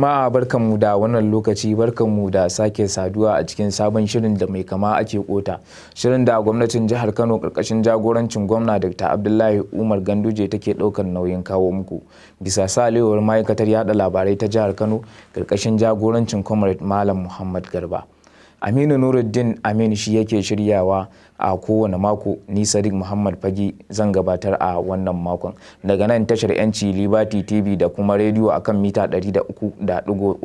jama'a barkanmu da wannan lokaci barkanmu da sake saduwa a cikin sabon shirin da mai kama ake kota shirin da gwamnatin jihar kano karkashin jagorancin gwamna dr abdullahi umar ganduje take daukar nauyin kawo muku bisa salewar ma'aikatar yada labarai ta jihar kano karkashin jagorancin comrade malam muhammad garba aminu nuruddin amin shi yake shiryawa a kowane mako ni sadiq muhammad fage zan gabatar a wannan makon daga nan tashar yanci liberty tv da kuma rediyo a kan mita 300.3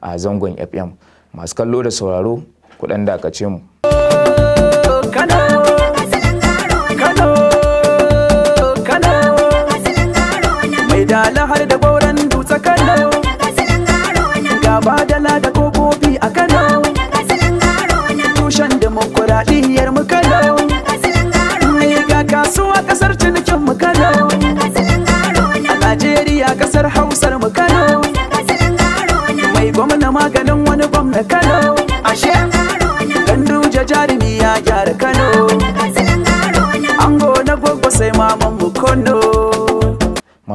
a zangon fm masu kallo da sauraro kudan dakace mu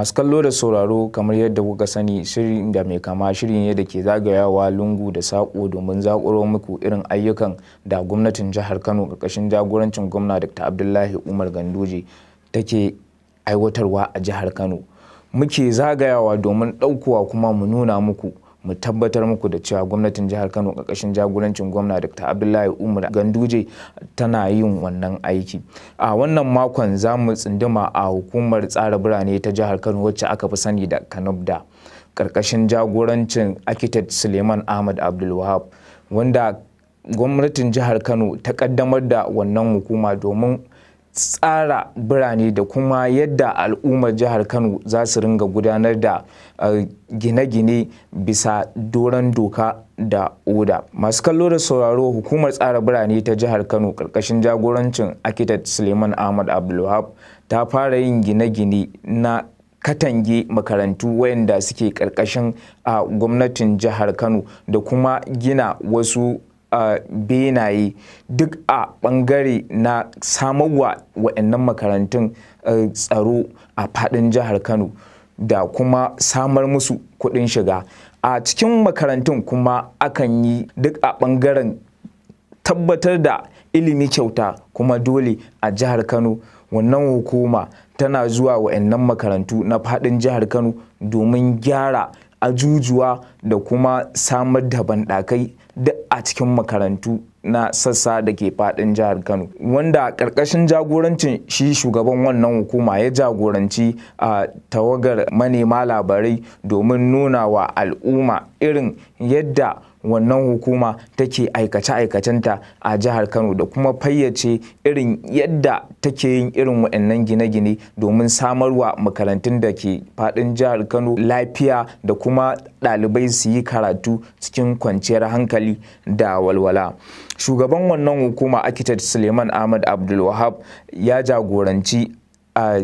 masu kallo da sauraro kamar yadda kuka sani shirin da mai kama shirin ne da ke zagayawa lungu da saƙo domin zaƙuro muku irin ayyukan da gwamnatin jihar kano ƙarƙashin jagorancin gwamna dr abdullahi umar ganduje take aiwatarwa a jihar kano muke zagayawa domin ɗaukowa kuma mu nuna muku mu tabbatar muku da cewa gwamnatin jihar kano ƙarƙashin jagorancin gwamna dr abdullahi umar ganduje tana yin wannan aiki a wannan makon za mu tsinduma a hukumar tsara birane ta jihar kano wacce aka fi sani da kanubda ƙarƙashin jagorancin architect suleiman ahmad abdulwahab wanda gwamnatin jihar kano ta ƙaddamar da wannan hukuma domin tsara birane da kuma yadda al'ummar jihar kano za su ringa gudanar da eh, gine-gine bisa doron doka da oda masu kallo da sauraro hukumar tsara birane ta jihar kano karkashin jagorancin architect suleiman ahmad abdulwahab ta fara yin gine-gine na katange makarantu wayanda suke karkashin a ah, gwamnatin jihar kano da kuma gina wasu benaye duk a bangare na samarwa wa'annan makarantun eh, tsaro a fadin jihar kano da kuma samar musu kuɗin shiga a cikin makarantun kuma akan yi duk a bangaren tabbatar da ilimi kyauta kuma dole a jihar kano wannan hukuma tana zuwa wa'annan makarantu na fadin jihar kano domin gyara ajujuwa da kuma samar da banɗakai duk a cikin makarantu na sassa da ke fadin jihar kano wanda karkashin jagorancin shi shugaban wannan hukuma ya jagoranci a tawagar manema labarai domin nuna wa al'umma irin yadda wannan hukuma take aikace-aikacenta a jihar kano da kuma fayyace irin yadda take yin irin waɗannan gine-gine domin samarwa makarantun da ke faɗin jihar kano lafiya da kuma ɗalibai su yi karatu cikin kwanciyar hankali da walwala shugaban wannan hukuma architect suleiman ahmad abdulwahab ya jagoranci a ah,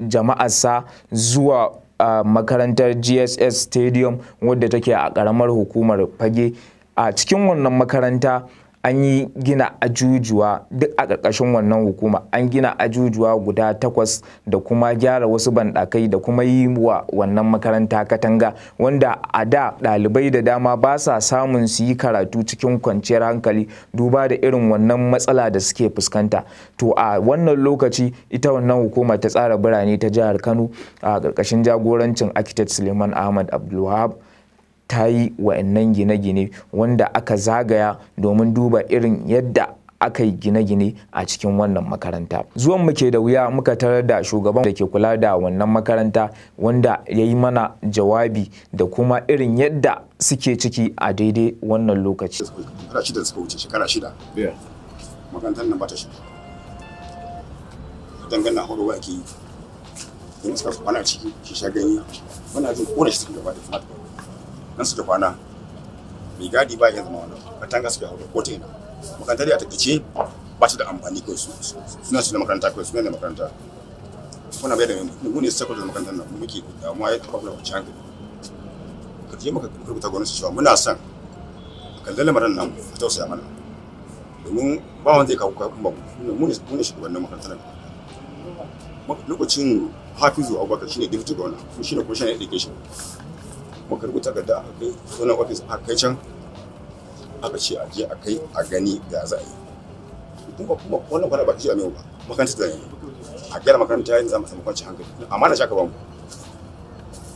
jama'arsa zuwa a makarantar gss stadium wadda take a ƙaramar hukumar fage a cikin wannan makaranta an yi gina ajujuwa duk a ƙarƙashin wannan hukuma an gina ajujuwa guda takwas da kuma gyara wasu banɗakai da kuma yi wa wannan makaranta katanga wanda a da ɗalibai da dama ba sa samun su yi karatu cikin kwanciyar hankali duba da irin wannan matsala da suke fuskanta to a wannan lokaci ita wannan hukuma ta tsara birane ta jihar kano a ƙarƙashin jagorancin architect suleiman ahmad abdulwahab ta yi wa'annan gine-gine wanda aka zagaya domin duba irin yadda aka yi gine-gine a cikin wannan makaranta zuwan muke da wuya muka tarar da shugaban da ke kula da wannan makaranta wanda ya yi mana jawabi da kuma irin yadda suke ciki a daidai wannan lokaci shekara shida makarantar nan ba ta shiga dangana suka ciki shi sha gani wani ajin kora shi suka gaba da fata nan da kwana mai gadi ba ya zama wannan katanga suke hauro ko ina makarantar ya takaice ba ta da amfani kai su suna su da makaranta kai suna da makaranta kuna bai da mu ne sakwato da makarantar nan muke damuwa ya tafi da wancan hankali ka je maka rubuta gwamnati cewa muna son kalli lamarin nan ka tausaya mana domin ba wanda ya kawo kuma mu ne mu ne shugabannin makarantar nan lokacin hafizu abubakar shine deputy governor shine kuma shine education muka rubuta da da kai sunan ofis a kai can aka ce a je a kai a gani da za a yi duk ba kuma wannan kwana ba ji a mai ba makaranta da ne a gyara makaranta yayin za mu samu kwanci hankali amma na shaka ba mu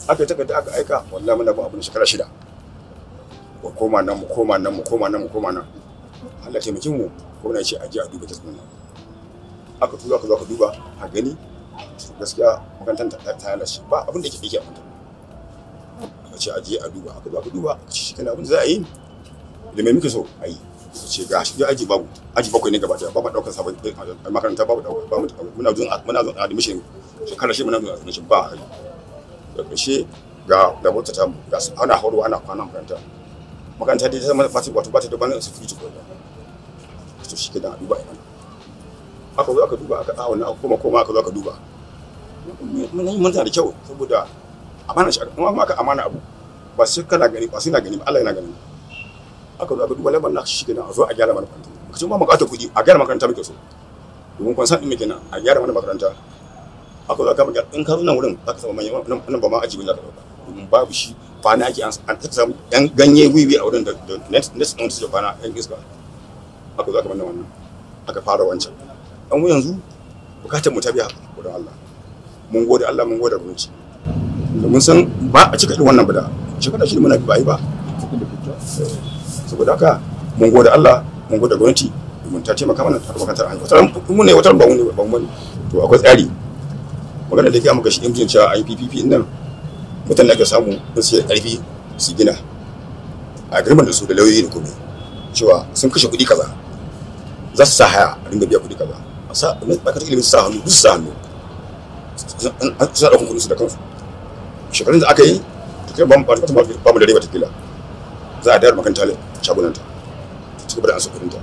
aka yi da aka aika wallahi muna ba abin shekara shida ko koma nan mu koma nan mu koma nan mu koma nan Allah taimakin mu ko na ce a je a duba ta sunan aka tura ka zo ka duba a gani gaskiya makarantar ta shi ba abin da ke fike a mutum aka ce aje a duba aka zo aka duba aka ce shi kana abin da za a yi da mai muke so a yi ce ga shi aji babu aji bakwai ne gaba daya babu daukar sabon makaranta babu daukar babu muna zuwa muna zuwa admission shekara shi muna zuwa admission ba kai da kashe ga da wata ta ga ana horo ana kwana makaranta makaranta dai ta mana fatin wato ba ta da ban security ko to shi ke da duba ina aka zo aka duba aka a wannan aka koma koma aka zo aka duba mun yi mun da kyau saboda amana shi amma kuma aka amana abu ba sai kana gani ba sai na gani ba Allah yana gani aka zo aka duba laban na shi kenan a zo a gyara mana makaranta kace ba mu ta kudi a gyara makaranta muke so domin kun san din muke nan a gyara mana makaranta aka zo aka mu in ka zo nan wurin aka samu manyan nan ba ma aji wanda ka dauka domin babu shi na ake an ta samu dan ganye wiwi a wurin da next next month da bana yan iska aka zo aka mana wannan aka fara wancan an yanzu bukatar mu ta biya gurin Allah mun gode Allah mun gode ruci domin san ba a cika irin wannan bada shekara shi muna ba yi ba saboda haka mun gode Allah mun gode gwamnati domin ta taimaka mana ta taimaka ta wata mu ne wata ba mun ne ba mun ne to akwai tsari magana da ke amma shi injin cewa IPPP nan da ke samu sun sai karfi su gina a da su da lauyoyi da komai cewa sun kashe kuɗi kaza za su sa haya a ringa biya kuɗi kaza a sa ba ka ilimin sa hannu duk sa hannu suna da kuɗin su da kansu shekarun da aka yi kai ba mu ba ba mu da riba ta kila za a dayar makanta ne shagunan ta ci gaba da an sukurin ta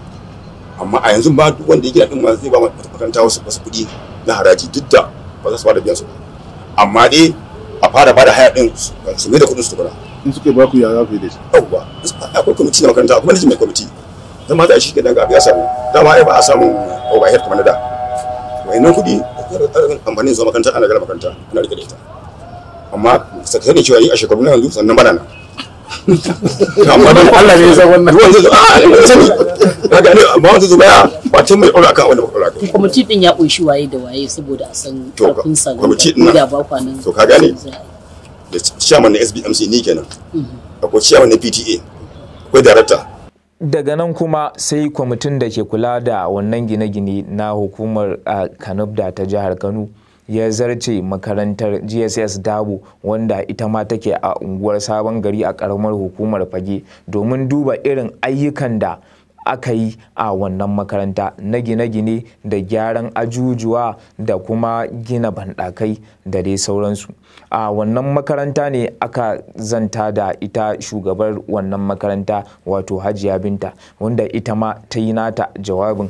amma a yanzu ba duk wanda yake da din ma zai ba makanta wasu wasu kudi na haraji duk da ba za su ba da biyan su amma dai a fara ba da haya din su mai da kudin su tukuna in suke ba ku ya za ku yi da shi yawwa akwai kwamiti na makaranta akwai kwamiti mai kwamiti zama za a shi ke dan ga ya samu dama ai ba a samu overhead kamar na da wayannan kuɗi amfanin zuwa makaranta ana gara makaranta ana rike da ita amma sani cewa yi a shekaru na yanzu sannan bana nan amma don Allah ne ya san wannan ruwan zuwa a ne sani kaga ne amma wanda zuba ya ah, bacin mai ɗaura kan wanda ba ɗaura kan kwamiti ya ƙunshi waye da waye saboda a san ƙarfin sa kwamiti din da to kaga ne da chairman na SBMC ni kenan mm-hmm. akwai chairman na PTA akwai director daga nan kuma sai kwamitin da ke kula da wannan gine-gine na hukumar ah, kanubda ta jihar kano ya zarce makarantar gss dabo wanda ita ma take a unguwar sabon gari a karamar hukumar fage domin duba irin ayyukan da aka yi a wannan makaranta na gine-gine da gyaran ajujuwa da kuma gina banɗakai da dai sauransu a wannan makaranta ne aka zanta da ita shugabar wannan makaranta wato hajiya binta wanda ita ma ta yi nata jawabin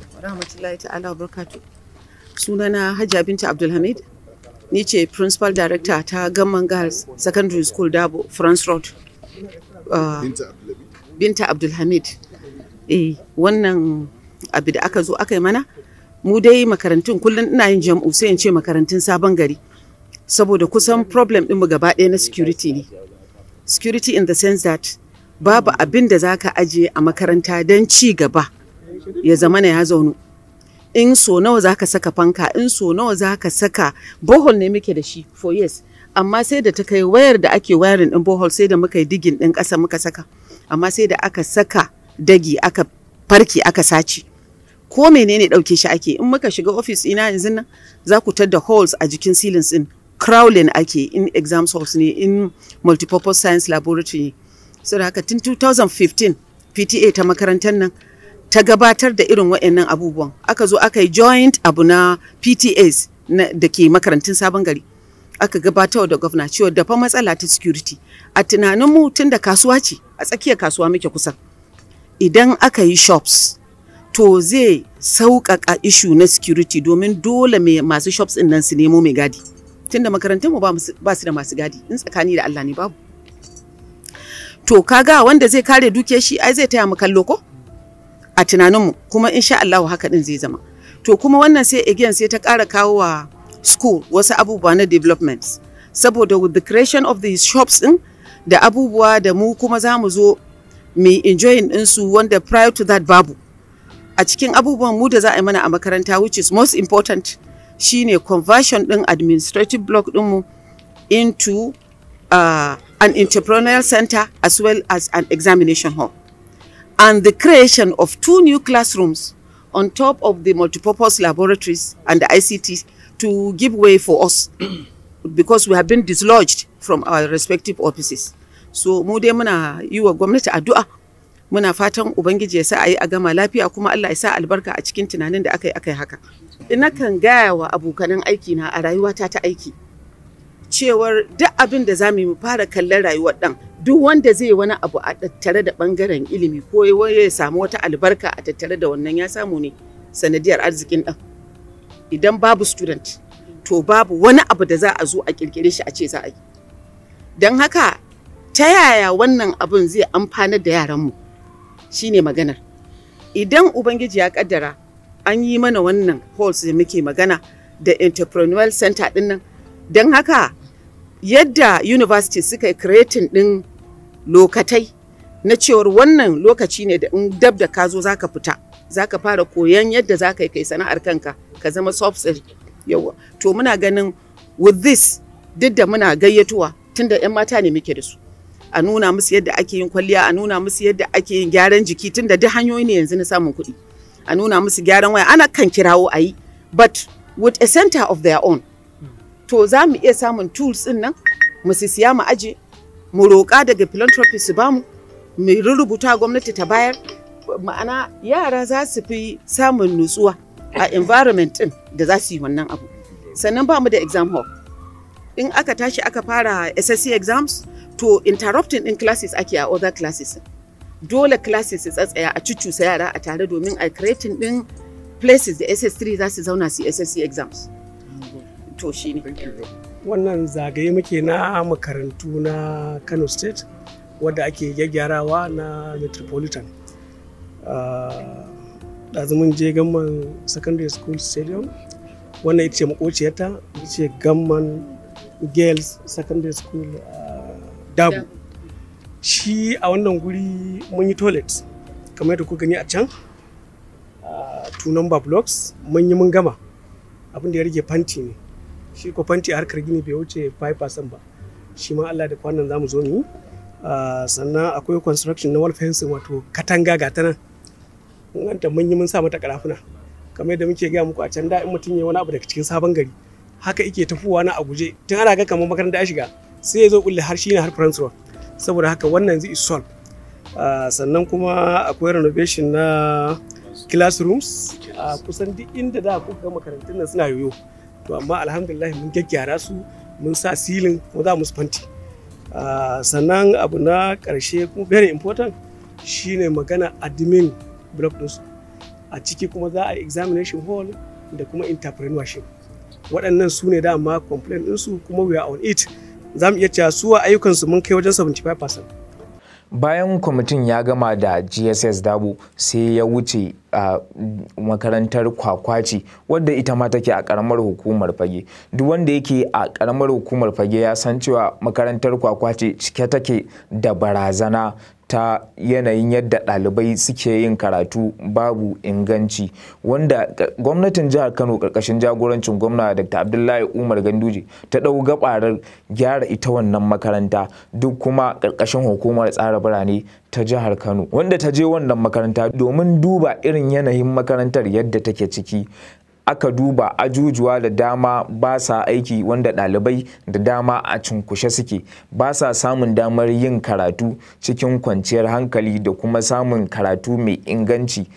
sunana hajja binta abdulhamid ni ce principal director ta gamman girls secondary school dabo france road uh, binta abdulhamid eh wannan abu da aka zo aka yi mana mu dai makarantun kullum ina yin jam'u sai in ce makarantun sabon gari saboda kusan problem mu gaba ɗaya na security ne security in the sense that babu abin da za ka ajiye a makaranta don ci gaba ya zama na ya zaunu in so nawa za ka saka fanka in so nawa za ka saka bohol ne muke da shi for years amma sai da ta kai wayar da ake wayarin din bohol sai da muka yi digin din ƙasa muka saka amma sai da aka saka dagi aka farki aka sace ko menene ɗauke shi ake in muka shiga ofis ina yanzu nan za ku tadda halls a jikin ceilings din crawling ake in exam halls ne in multipurpose science laboratory ne so haka tun 2015 PTA ta makarantar nan ta gabatar da irin wa'annan abubuwan aka zo aka yi joint abu na ptas da ke makarantun sabon gari aka gabatar da gwamna cewa da matsala ta security a tunaninmu tun da kasuwa ce a tsakiyar kasuwa muke kusa idan aka yi shops to zai sauƙaƙa ishu na security domin dole mai masu shops ɗin nan su nemo mai gadi Tun makarantun makarantunmu ba su da masu gadi in tsakani da Allah ne babu to kaga wanda zai kare dukiyar shi ai zai taya mu kallo ko a tunaninmu kuma insha Allah haka din zai zama to kuma wannan sai again sai ta ƙara kawo wa school wasu abubuwa na development. saboda with the creation of the shops din da abubuwa da mu kuma za mu zo mai enjoying su, wanda prior to that babu a cikin abubuwan mu da za a yi mana a makaranta which is most important shine conversion ɗin administrative block ɗinmu into uh, an entrepreneurial center as well as an examination hall and the creation of two new classrooms on top of the multipurpose laboratories and the ICT to give way for us because we have been dislodged from our respective offices. So mu dai muna yi wa gwamnati addu'a muna fatan Ubangiji ya sa a yi a gama lafiya kuma Allah ya sa albarka a cikin tunanin da aka yi aka yi haka. Ina kan gaya wa abokanan aiki na a rayuwata ta aiki cewar duk abin da za mu fara kallon rayuwar ɗan duk wanda zai wani abu a tattare da bangaren ilimi ko ya samu wata albarka a tattare da wannan ya samu ne sanadiyar arzikin ɗan idan babu student to babu wani abu da za a zo a kirkire shi a ce za a yi don haka ta yaya wannan abun zai amfana da yaranmu shine maganar idan ubangiji ya kaddara an yi mana wannan halls da muke magana da entrepreneurial center din nan don haka yadda university suka yi creating ɗin lokatai na cewar wannan lokaci ne da in dab da ka zo za ka fita za ka fara koyan yadda za ka yi kai sana'ar kanka ka zama soft skill yawa to muna ganin with this duk da muna gayyatuwa tunda 'yan mata ne muke da su a nuna musu yadda ake yin kwalliya a nuna musu yadda ake yin gyaran jiki tunda duk hanyoyi ne yanzu na samun kuɗi a nuna musu gyaran waya ana kan kirawo a yi but with a center of their own hmm. to za mu iya samun tools din nan mu siya mu aje mu roƙa daga philanthropy su bamu mu rubuta gwamnati ta bayar ma'ana yara za su fi samun nutsuwa a environment din da za su yi wannan abu sannan ba da exam hall in aka tashi aka fara SSC exams to interrupting din classes ake a other classes dole classes su tsatsaya a cucusa yara a tare domin a creating din places da SS3 za su zauna su SSC exams to shine wannan zagaye muke na makarantu na kano state wadda ake gyaggyarawa na metropolitan ah, ɗazumin je gamman secondary school stadium wannan ita ce makociyarta ita ce gamman girls secondary school ah, dabu shi a wannan guri mun yi toilet kamar yadda ku gani a can ah, two number blocks mun yi mun gama abin da ya rage fanti ne shi ko fanti harkar gini bai wuce 5% ba shi ma Allah da kwanan zamu zo mu ah, sannan akwai construction na wall fencing wato katanga ga ta nan mun yi mun sa mata karafuna kamar yadda muke gaya muku a can da in mutum ya wani abu daga cikin sabon gari haka yake tafowa na a guje tun ana ga kamar makaranta ya shiga sai ya zo kulle har shi ne har France Road saboda haka wannan zai solve ah, sannan kuma akwai renovation na classrooms a ah, kusan duk inda da kuka makarantun nan suna yoyo to amma alhamdulillah mun gyaggyara su mun sa silin kuma za mu fanti ah, sannan abu na karshe kuma very important shine magana admin block ɗinsu a ciki kuma za a examination hall da kuma entrepreneurship waɗannan su ne dama complain ɗinsu kuma we are on it za mu iya cewa su ayyukansu mun kai wajen 75% bayan kwamitin ya gama da gss dabo sai ya wuce a makarantar kwakwaci wadda ita ma take a karamar hukumar fage duk wanda yake a karamar hukumar fage ya san cewa makarantar kwakwaci cike take da barazana ta yanayin yadda ɗalibai suke yin karatu babu inganci wanda gwamnatin jihar kano ƙarƙashin jagorancin gwamna dr abdullahi umar ganduje ta ɗau gabarar gyara ita wannan makaranta duk kuma ƙarƙashin hukumar tsara birane ta jihar kano wanda ta je wannan makaranta domin duba irin yanayin makarantar yadda take ciki aka duba ajujuwa da dama ba sa aiki wanda ɗalibai da dama a cunkushe suke ba sa samun damar yin karatu cikin kwanciyar hankali da kuma samun karatu mai inganci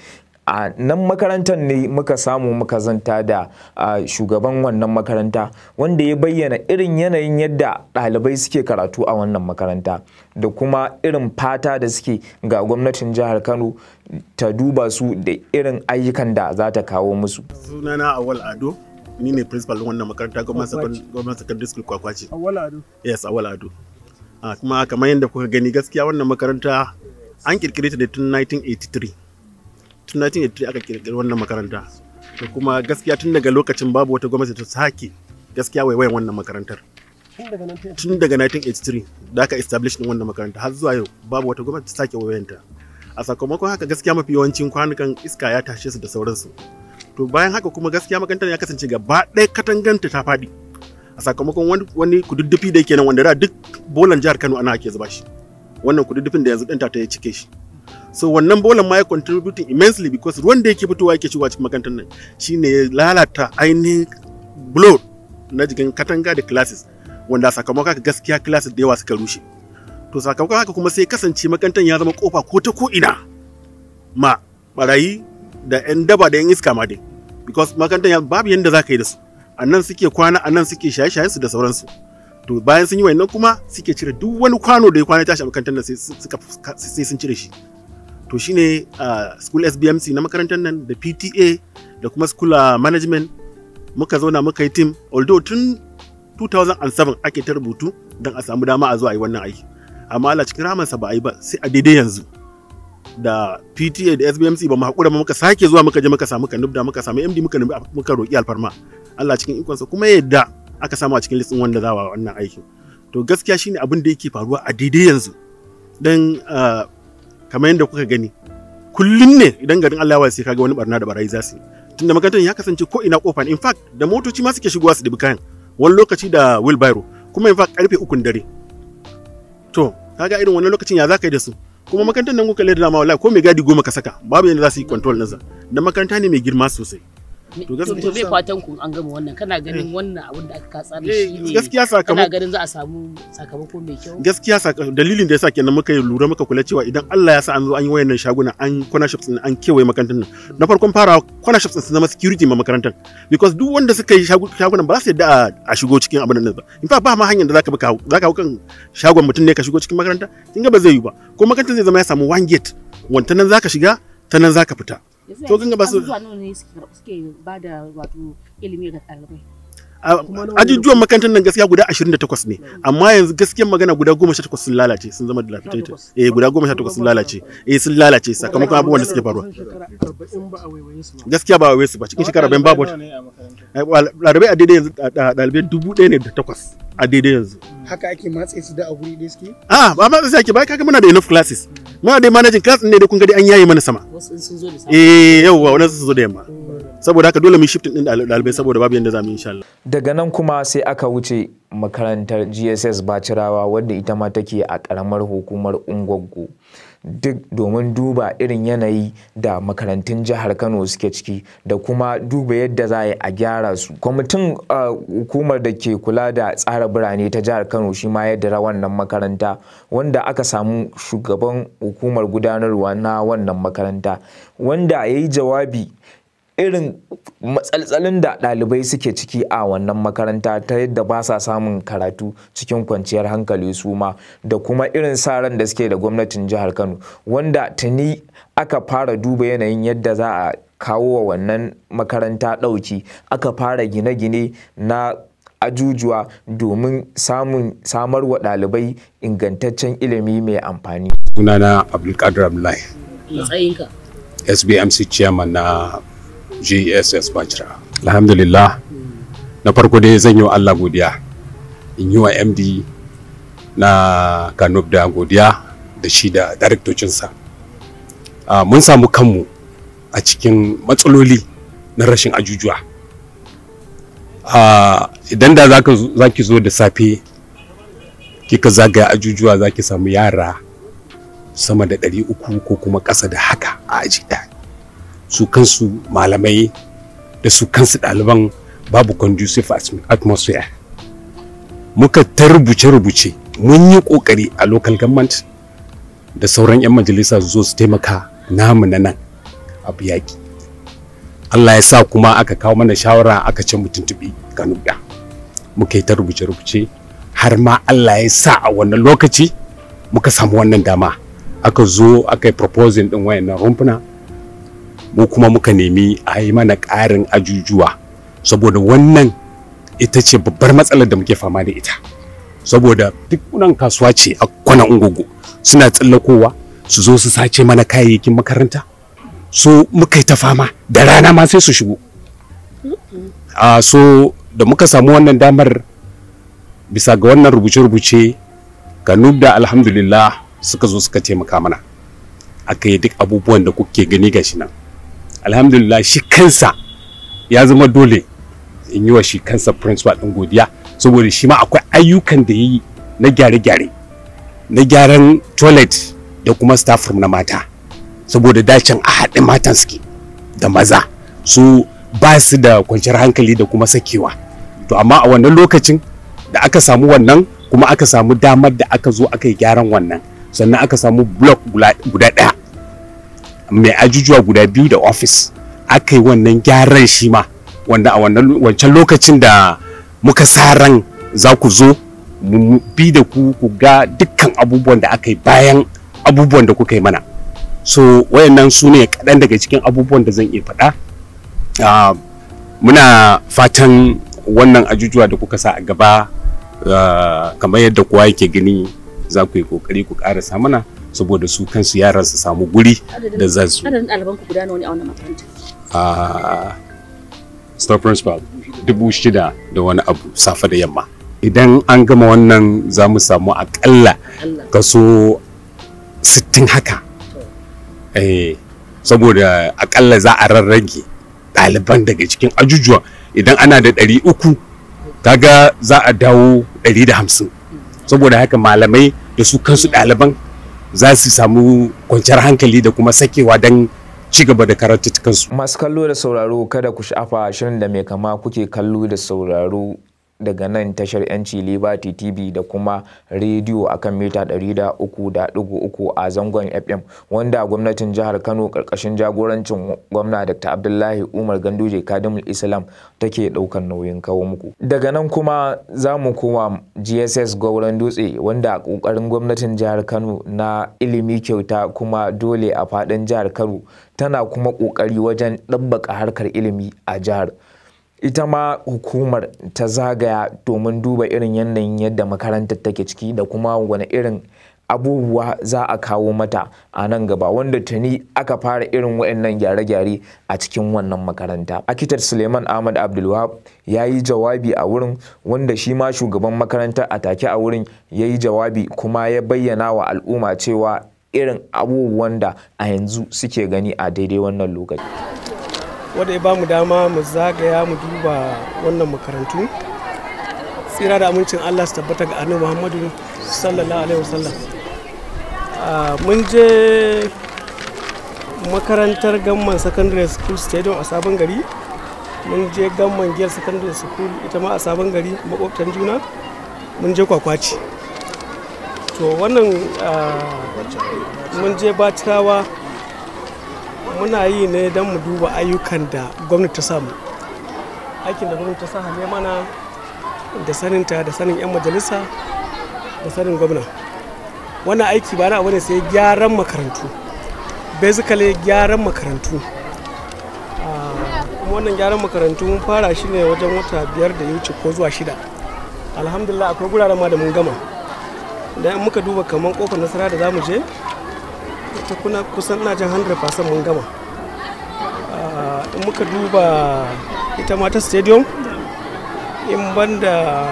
a nan makarantar ne muka samu muka zanta da shugaban wannan makaranta wanda ya bayyana irin yanayin yadda ɗalibai suke karatu a wannan makaranta da kuma irin fata da suke ga gwamnatin jihar kano ta duba su da irin ayyukan da za ta kawo musu sunana awal ado ni ne principal wannan makaranta gwamnati secondary school kwakwaci awal ado yes awal ado kuma kamar yadda kuka gani gaskiya wannan makaranta an kirkire ta da tun 1983 tun 1983 aka kirkiri wannan makaranta da kuma gaskiya tun daga lokacin babu wata gwamnati ta sake gaskiya waiwayan wannan makarantar tun daga 1983 da aka establish din wannan makaranta har zuwa yau babu wata gwamnati ta sake ta a sakamakon haka gaskiya mafi yawancin kwanukan iska ya tashe su da sauransu to bayan haka kuma gaskiya makarantar ya kasance gaba ɗaya katanganta ta faɗi a sakamakon wani kududdufi da yake nan wanda da duk bolan jihar kano ana ake zuba shi wannan kududdufin da yanzu ɗinta ta ya cike shi so wannan bolan ma ya contributing immensely because ruwan da yake fitowa yake shigowa cikin makarantar nan shine ya lalata ainihin blood na jikin katanga da classes wanda sakamakon haka gaskiya classes da yawa suka rushe to sakamakon haka kuma sai kasance makarantar ya zama kofa ko ta ko ina ma barayi da yan daba da yan iska ma dai because makarantar ya babu yanda za ka yi da su a nan suke kwana a nan suke shaye shaye su da sauransu to bayan sun yi wannan kuma suke cire duk wani kwano da ya kwana tashi a makarantar nan sai sun cire shi to shine uh, school sbmc na makarantar nan da pta da kuma school management muka zauna muka yi team although tun 2007 ake ta rubutu don a samu dama a zuwa yi wannan aiki amma Allah cikin ramansa ba a yi ba sai a daidai yanzu da PTA da SBMC ba mu haƙura muka sake zuwa muka je muka samu kanubda muka samu MD muka nubi muka roƙi alfarma Allah cikin ikonsa kuma yadda aka samu a cikin listin wanda za wannan aikin to gaskiya shine abin da yake faruwa a daidai yanzu dan kamar yadda kuka gani kullum ne idan garin Allah ya kaga wani barna da barayi za su tunda makarantar ya kasance ko ina kofa in fact da motoci ma suke shigowa su dubi kayan wani lokaci da wheelbarrow kuma in fact karfe ukun dare to kaga irin wannan lokacin ya za ka yi da su kuma makarantar nan kuka leda ma wallahi ko mai gadi goma ka saka babu yadda za su yi control nasa da makaranta ne mai girma sosai to me fatan ku an gama wannan kana ganin eh. wannan abin da aka katsa da eh, shi ne gaskiya sakamako kana ganin za a samu sakamako mai kyau gaskiya sakamako dalilin da yasa kenan muka yi lura muka kula cewa idan Allah ya sa an zo an yi wayannan shaguna an kona shops an kewaye makarantar nan na farkon farawa kona shops sun zama security ma makarantar because duk wanda suka yi shagunan ba za su yadda a shigo cikin abin nan ba in fa ba ma hanyar da zaka bi ka zaka hau kan shagon mutum ne ka shigo cikin makaranta kin ga ba zai yi ba ko makarantar zai zama ya samu one gate wanta nan zaka shiga ta nan zaka fita to kin ba su zuwa ne suke ba da wato ilimi ga ɗalibai ajujuwan makarantar nan gaskiya guda 28 ne hmm. amma yanzu gaskiyar magana guda 18 sun lalace sun zama dilapidated eh guda 18 sun lalace eh sun lalace sakamakon abubuwan da suke faruwa gaskiya ba wai su ba cikin shekara 40 babu eh, ɗalibai a daidai yanzu ɗalibai dubu ɗaya ne da takwas a daidai yanzu hmm. haka ake matse su da a guri ɗaya suke ah, a ba matse su ake ba kaga muna da enough classes hmm. muna da managing class ne da kun ga an yaye mana sama e yauwa wani sun zo da yamma saboda haka dole mu shifting din dalibai saboda babu yanda za insha Allah daga nan kuma sai aka wuce makarantar GSS Bacirawa wadda ita ma take a karamar hukumar Ungwaggo duk domin duba irin yanayi da makarantun jihar Kano suke ciki da kuma duba yadda za a gyara su kwamitin ah, hukumar da ke kula da tsara birane ta jihar Kano shi ma yadda ra wannan makaranta wanda aka samu shugaban hukumar gudanarwa na wannan makaranta wanda ya yi jawabi irin matsaltsalin da ɗalibai suke ciki a wannan makaranta ta yadda ba sa samun karatu cikin kwanciyar hankali su ma da kuma irin sa ran da suke da gwamnatin jihar kano wanda tuni aka fara duba yanayin yadda za a kawo wa wannan makaranta ɗauki aka fara gine-gine na ajujuwa domin samun samar wa ɗalibai ingantaccen ilimi mai amfani. sunana abdulkadir abdullahi matsayinka sbmc chairman na gss bajira alhamdulillah na farko dai zan yi wa allah godiya in yi wa md na kanub da godiya da shi da daraktocinsa ah, mun samu kanmu a cikin matsaloli na rashin ajujuwa ah, idan da za ki zo da safe kika zagaya ajujuwa za ki samu yara sama da 300 ko kuma ƙasa da haka a aji ɗaya su kansu malamai da su kansu ɗaliban babu conducive atmosphere muka ta rubuce-rubuce mun yi ƙoƙari a local government da sauran 'yan majalisa su zo su taimaka namu na nan abu yaƙi Allah ya sa kuma aka kawo mana shawara aka ce mu tuntuɓi da muka yi ta rubuce-rubuce har ma Allah ya sa a wannan lokaci muka samu wannan dama aka zo aka yi proposing ɗin wayannan rumfuna mu kuma muka nemi a yi mana ƙarin ajujuwa saboda wannan ita ce babbar matsalar da muke fama da ita saboda duk nan kasuwa ce a kwana ungugu suna tsallakowa su zo su sace mana kayayyakin makaranta so muka yi ta fama da rana ma sai su shigo a so da muka samu wannan damar bisa ga wannan rubuce-rubuce kanub da alhamdulillah suka zo suka taimaka mana aka yi duk abubuwan da kuke gani gashi nan alhamdulillah shi kansa ya zama dole in yi wa shi kansa principal ɗin godiya saboda shi ma akwai ayyukan da ya yi na gyare-gyare na gyaran toilet da kuma staff room na mata saboda dacin a haɗe matan suke da maza su ba su da kwanciyar hankali da kuma sakewa to amma a wannan lokacin da aka samu wannan kuma aka samu damar da aka zo aka yi gyaran wannan sannan aka samu block guda ɗaya mai ajujuwa guda biyu da ofis aka yi wannan gyaran shi ma wanda a wancan lokacin da muka sa ran za ku zo mu bi da ku ku ga dukkan abubuwan da aka yi bayan abubuwan da kuka yi mana so wayannan su ne kaɗan daga cikin abubuwan da zan iya faɗa ah, muna fatan wannan ajujuwa da kuka sa a gaba ah, kamar yadda kowa yake gani za ku yi ƙoƙari ku ƙarasa mana saboda su kansu yaran su samu guri da za su adadin ku a star principal dubu shida da wani abu safe da yamma idan an gama wannan za mu samu akalla kaso sittin haka eh saboda akalla za a rarrage ɗaliban daga cikin ajujuwa idan ana da ɗari uku kaga za a dawo ɗari da hamsin hmm. saboda haka malamai da su kansu ɗaliban za su samu kwanciyar hankali da kuma sakewa don ci gaba da karatuttukansu. Masu kallo da sauraro kada ku sha'afa shirin da mai kama kuke kallo da sauraro daga nan tashar yanci Liberty TV da kuma rediyo akan mita 300.3 a zangon FM wanda gwamnatin jihar Kano karkashin jagorancin gwamna Dr. Abdullahi Umar Ganduje Kadimul Islam take ɗaukar nauyin kawo muku. Daga nan kuma za mu koma GSS Gauran Dutse wanda kokarin gwamnatin jihar Kano na ilimi kyauta kuma dole a faɗin jihar Kano tana kuma kokari wajen ɗabbaka harkar ilimi a jihar. ita ma hukumar ta zagaya domin duba irin yanayin yadda makarantar take ciki da kuma wani irin abubuwa za a kawo mata a nan gaba wanda tuni aka fara irin waɗannan gyare-gyare a cikin wannan makaranta akitar suleiman ahmad abdulwahab ya yi jawabi a wurin wanda shi ma shugaban makarantar a take a wurin ya yi jawabi kuma ya bayyana wa al'umma cewa irin abubuwan da a yanzu suke gani a daidai wannan lokaci wadda ya mu dama mu zagaya mu duba wannan makarantu tsira da amincin allah su tabbata ga annabi muhammadu sallallahu alaihi wasallam mun je makarantar gamman secondary school stadium a sabon gari mun je gamman giyar secondary school ita ma a sabon gari makwabtan juna mun je kwakwaci to wannan mun je batirawa muna yi ne don mu duba ayyukan da gwamnati ta samu aikin da gwamnati ta sa ne mana da saninta da sanin 'yan majalisa da sanin gwamna wannan aiki ba na abu ne sai gyaran makarantu basically gyaran makarantu kuma ah, wannan gyaran makarantu mun fara shi ne wajen wata biyar da wuce ko zuwa shida alhamdulillah akwai guraren ma da mun gama da muka duba kamar kofar nasara da zamu je ta kuna kusan na jan 100% mun gama ah, in muka duba ita mata stadium in banda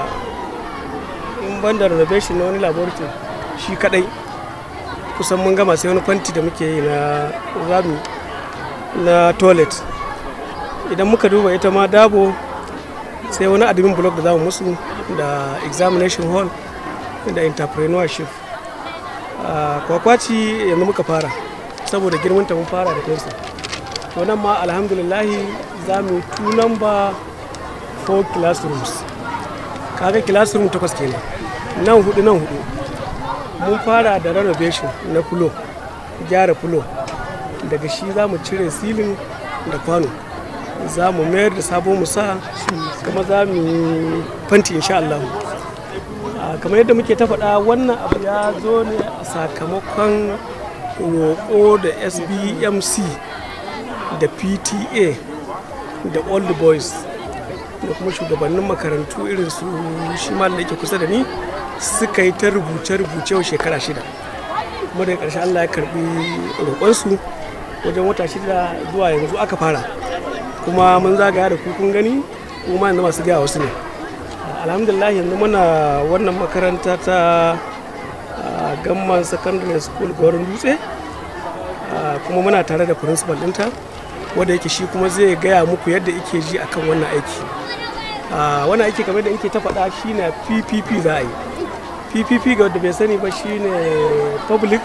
in banda renovation na wani laboratory shi kadai kusan mun gama sai wani fanti da muke yi na rami na toilet idan muka duba ita ma dabo sai wani admin block da za mu musu da examination hall da entrepreneurship kwakwaci yanzu muka fara saboda girman ta mun fara da kansa to nan ma alhamdulillahi za mu two number four classrooms kaga classroom takwas kenan nan hudu nan hudu mun fara da renovation na fulo gyara fulo daga shi za mu cire silin da kwano za mu mayar da sabon musa kuma za mu fanti insha Allah kamar yadda muke ta faɗa wannan abu ya zo ne a sakamakon roƙo da sbmc da pta da old boys da kuma shugabannin makarantu irin su shi da yake kusa da ni suka yi ta rubuce-rubuce wa shekara shida kuma daga karshe allah ya karbi roƙonsu wajen wata shida zuwa yanzu aka fara kuma mun zagaya da kukun gani kuma yanzu masu gaya wasu ne alhamdulillah yanzu muna wannan makaranta ta ah, gamman secondary school gwarin dutse ah, kuma muna tare da principal ɗinta wanda yake shi kuma zai gaya muku yadda yake ji akan wannan aiki ah, wannan aiki kamar da yake ta faɗa shi na ppp za a yi ppp ga wanda bai sani ba shi ne public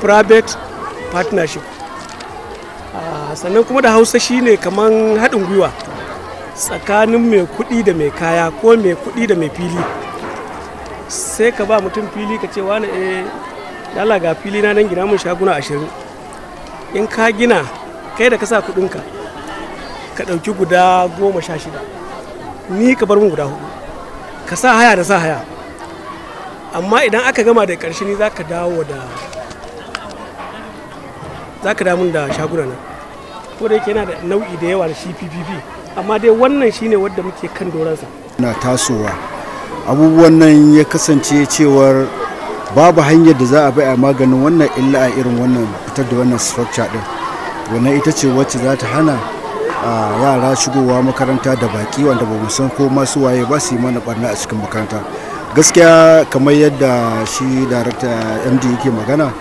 private partnership sannan kuma da hausa shi ne kamar haɗin gwiwa tsakanin mai kuɗi da mai kaya ko mai kuɗi da mai fili sai ka ba mutum fili ka ce wani eh dala ga fili na nan gina mun shaguna ashirin in ka gina kai da ka sa kuɗinka ka ɗauki guda goma sha shida ni ka bar mun guda hudu ka sa haya da sa haya amma idan aka gama da ƙarshe ni za ka dawo da za ka da shaguna nan ko da yake yana da nau'i da yawa da shi amma dai wannan shine wadda muke kan doransa na tasowa abubuwan nan ya kasance cewar babu hanyar da za a bi a maganin wannan illa a irin wannan fitar da wannan structure din wannan ita ce wacce za ta hana a yara shigowa makaranta da baki wanda ba san ko masu waye ba su yi mana barna a cikin makaranta gaskiya kamar yadda shi darakta md yake magana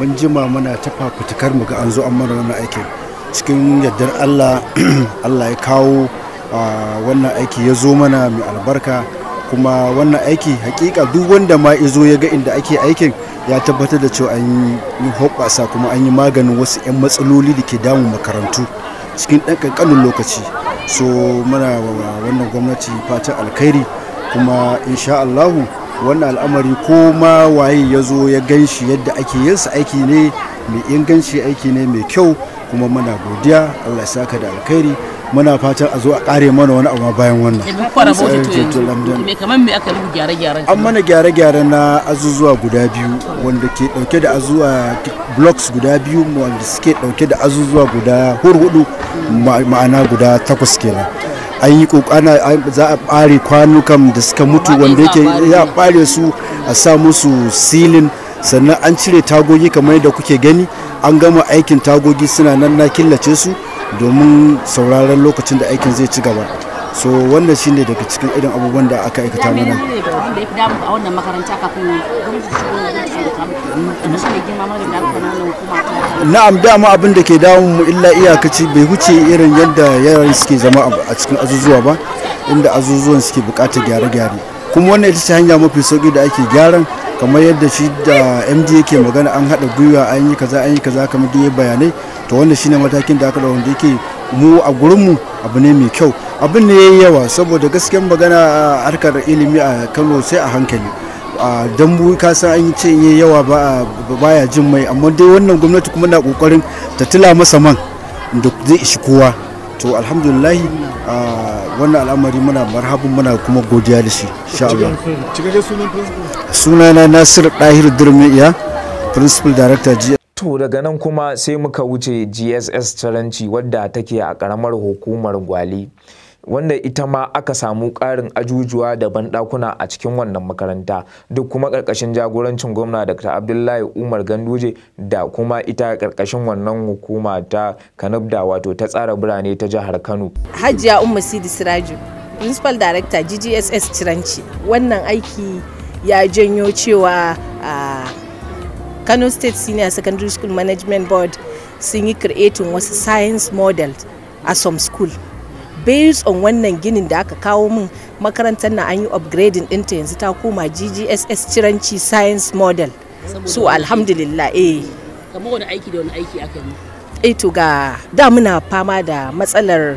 mun jima muna ta fafutukar mu ga an zo an mana wannan aikin cikin yardar allah allah ya kawo wannan aiki ya zo mana mai albarka kuma wannan aiki hakika duk wanda ma ya zo ya ga inda ake aikin ya tabbatar da cewa an yi hoɓasa kuma an yi maganin wasu 'yan matsaloli da ke damun makarantu cikin ɗan ƙanƙanin lokaci so mana wannan gwamnati fatan alkhairi kuma insha Allahu wannan al'amari ko ma waye ya zo ya gan shi yadda ake yin sa aiki ne mai inganci aiki ne mai kyau kuma muna godiya Allah ya saka da alkhairi muna fatan a zo a kare mana wani abu bayan wannan an mana gyare gyaren na azuzuwa guda biyu wanda ke dauke da azuwa blocks guda biyu wanda suke dauke da azuzuwa guda hurhudu ma'ana guda takwas kenan an yi kokana za a bare kwanukan da suka mutu wanda yake ya bare su a sa musu silin sannan an cire tagogi kamar yadda kuke gani an gama aikin tagogi suna nan na killace su domin sauraron lokacin da aikin zai ci gaba so wannan shine daga cikin irin abubuwan da aka aikata mana na'am dama abin da ke damun mu illa iyakaci bai wuce irin yadda yaran suke zama a cikin azuzuwa ba inda azuzuwan suke bukatar gyare-gyare kuma wannan ita ce hanya mafi sauki da ake gyaran kamar yadda shi da md yake magana an haɗa gwiwa an yi kaza an yi kaza kamar da bayanai to shi shine matakin da aka wanda yake mu a gurinmu abu ne mai kyau abin ne yayi yawa saboda gaskiyar magana a harkar ilimi a kano sai a hankali a dambu ka san an yi ce yayi yawa ba baya jin mai amma dai wannan gwamnati kuma na kokarin ta tila masa man da zai ishi kowa to alhamdulillahi wannan al'amari muna marhabin muna kuma godiya da shi sha Allah sunana Nasir Dahir Durmiya principal director G To daga nan kuma sai muka wuce GSS caranci wadda take a ƙaramar hukumar Gwali. wanda ita ma aka samu ƙarin ajujuwa da banɗakuna a cikin wannan makaranta duk kuma ƙarƙashin jagorancin gwamna dr abdullahi umar ganduje da kuma ita ƙarƙashin wannan hukuma ta kanubda wato ta tsara birane ta jihar kano hajiya umar sidi siraju principal director ggss ciranci wannan aiki ya janyo cewa kano state senior secondary school management board sun yi creating wasu science model a some school based on wannan ginin da aka kawo min makarantar na an yi upgrading dinta yanzu ta koma ggss ciranci science model so alhamdulillah eh kamar wani aiki da wani aiki aka yi eh to ga da muna fama da matsalar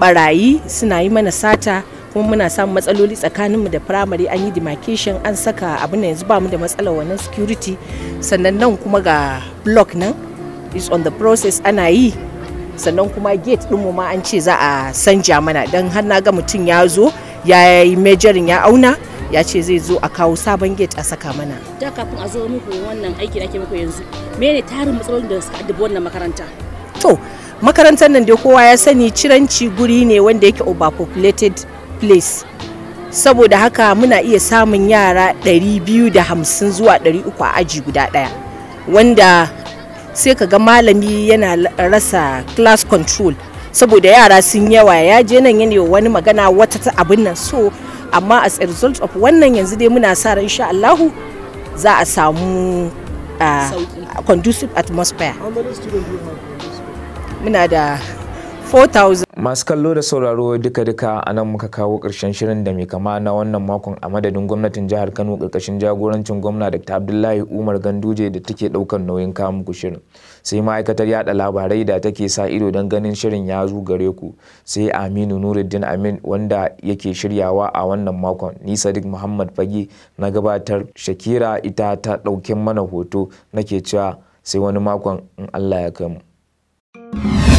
barayi suna yi mana sata kuma muna samun matsaloli tsakaninmu da firamare an yi demarcation an saka abin da yanzu ba mu da matsalar wannan security sannan nan kuma ga block nan is on the process ana yi sannan kuma gate ɗinmu ma an ce za a sanja mana don har na ga mutum ya zo ya yi majorin ya auna ya ce zai zo a kawo sabon gate a saka mana da kafin a zo muku wannan aiki da ake muku yanzu mene tarin matsalolin da suka addabi wannan makaranta to makarantar nan dai kowa ya sani ciranci guri ne wanda yake overpopulated place saboda haka muna iya samun yara 250 zuwa 300 a aji guda daya wanda sai ka ga malami yana rasa class control saboda yara sun yawa ya je nan yana wani magana wata ta abin nan so amma as a result of wannan yanzu dai muna sa ran Allahu za a samu ah, conducive atmosphere muna da 4,000. Masu kallo da sauraro duka-duka a nan muka kawo ƙarshen shirin da mai kama na wannan makon a madadin gwamnatin jihar Kano ƙarƙashin jagorancin gwamna Dr. Abdullahi Umar Ganduje da take ɗaukar nauyin kawo ku shirin. Sai ma'aikatar yada labarai da take sa ido don ganin shirin ya zo gare ku. Sai Aminu Nuruddin Amin wanda yake shiryawa a wannan makon. Ni Sadiq Muhammad Fage na gabatar Shakira ita ta ɗauke mana hoto nake cewa sai wani makon in Allah ya kai mu.